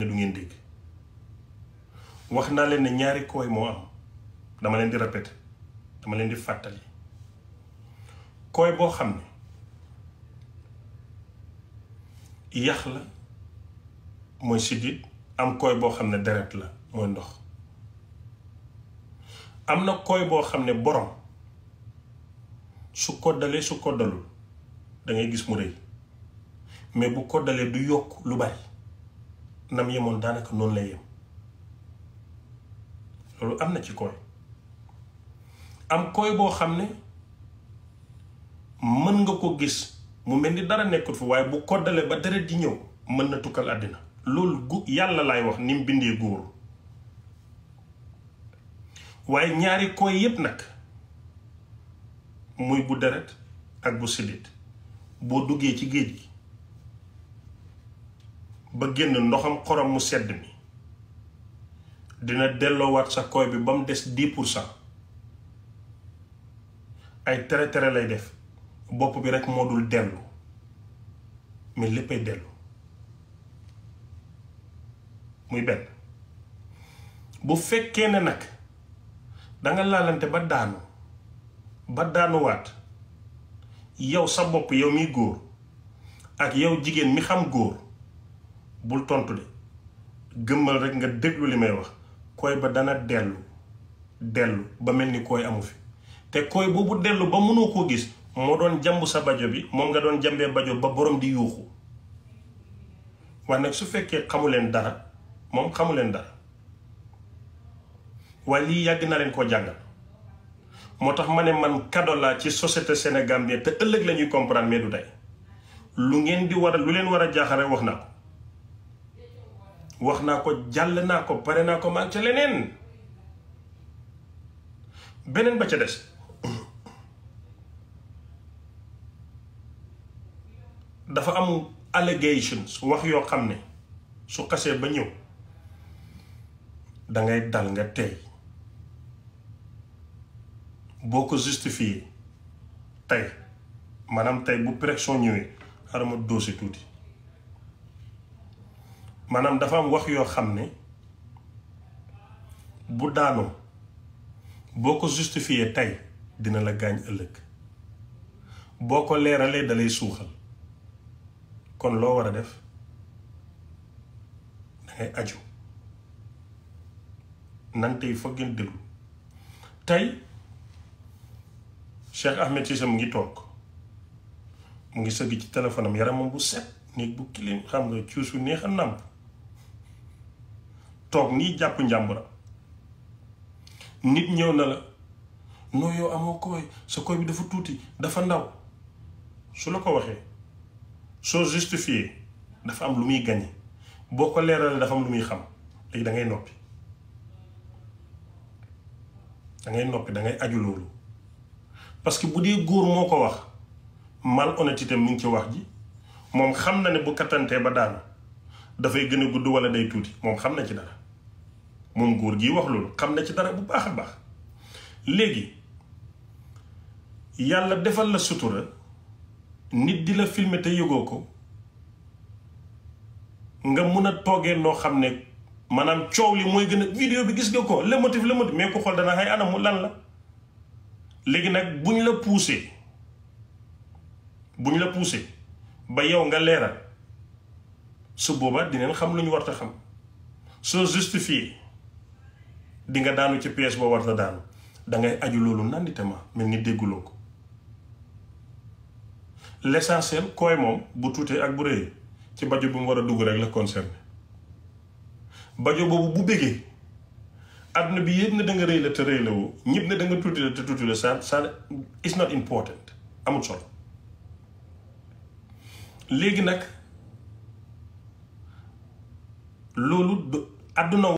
ne du ngeen deg wax na len ne ñaari koy mo am dama len di répéter dama len di fatali koy bo la moy sidit am koy bo xamne deret la moy ndox amna koy bo xamne borom su dalé su dalul da ngay gis mu reuy mais bu dalé du yok lu bari nam yemoon daanaka noonu lay yem loolu am na ci kooy am kooy boo xam ne mën nga ko gis mu mel ni dara nekkul fu waaye bu koddalee ba deret di ñëw mën na tukkal àddina loolu gu yàlla laay wax ni mu bindee góor waaye ñaari kooy yépp nag muy bu deret ak bu sidit boo duggee ci géej gi ba génn ndoxam xorom mu sedd mi dina delloowaat sa koy bi ba mu des dix pour cent ay tere tere lay def bopp bi rekk moo dul dellu mais léppay dellu muy benn bu fekkee ne nag danga laalante ba daanu ba daanuwaat yow sa bopp yow miy góor ak yow jigéen mi xam góor bul tontu de gëmmal rek nga déglu li may wax koy ba dana delu delu ba melni ni koy amu fi te koy bobu delu ba mëno ko gis mo doon jambu sa bi moom nga doon jambé bajo ba borom di yuxu wa nak su fekkee xamu leen dara mom xamu dara wa li yag na len ko motax mané man kado la ci société sénégambie te ëlëk lañuy comprendre mais du day lu ngeen di wara lu len wara waxna ko jall na ko paré na ko man ci lenen benen ba ca des dafa am allegations wax yo xamné su xasse ba da dangay dal nga tay boko justifier tay manam tay bu pression ñewé xarama dossier touti maanaam dafa am wax yoo xam ne bu daanoo boo ko justifié tey dina la gaañ ëllëg boo ko leeralee dalay suuxal kon loo war a def dangay aju nan tey foog ngeen tey tey Cheikh Ahmed Cissé mu ngi toog mu ngi sëgg ci téléphone am yaramam bu set néeg bu kilim xam nga cuusu neex a nàmp toog nii jàpp njàmbura nit ñëw na la noo yow amoo koy sa koy bi dafa tuuti dafa ndaw su la ko waxee soo justifié dafa am lu muy gañe boo ko leeralee dafa am lu muy xam léegi da ngay noppi da ngay noppi da ngay aju loolu parce que bu dee góor moo ko wax malhonnêteté mu ngi ci wax ji moom xam na ne bu kattantee ba daanu dafay gën a gudd wala day tuuti moom xam na ci dara moom góor gi wax loolu xam na ci dara bu baax a baax léegi yàlla defal la sutura nit di la filmer te yëgoo ko nga mun a toogee noo xam ne maanaam coow li mooy gën a vidéo bi gis nga ko le motif le mais ku xool dana xay mu lan la léegi nag buñ la poussé buñ la poussé ba yow nga leeral su booba dina xam lu ñu warta xam soo justifié di nga daanu ci pièce boo warta daanu dangay aju loolu nanditema mel ni dégguloo ko l'essentiel kooy moom bu tuutee ak bu rëyee ci bajo bi mu war a dugg rek la concerné bajo boobu bu bëggee àdduna bi yëpp ne danga nga rëy la te rëy la woo ñëpp ne da nga tuuti la te tuuti la sa sa it's not important amul solo léegi nag loolu du àdduna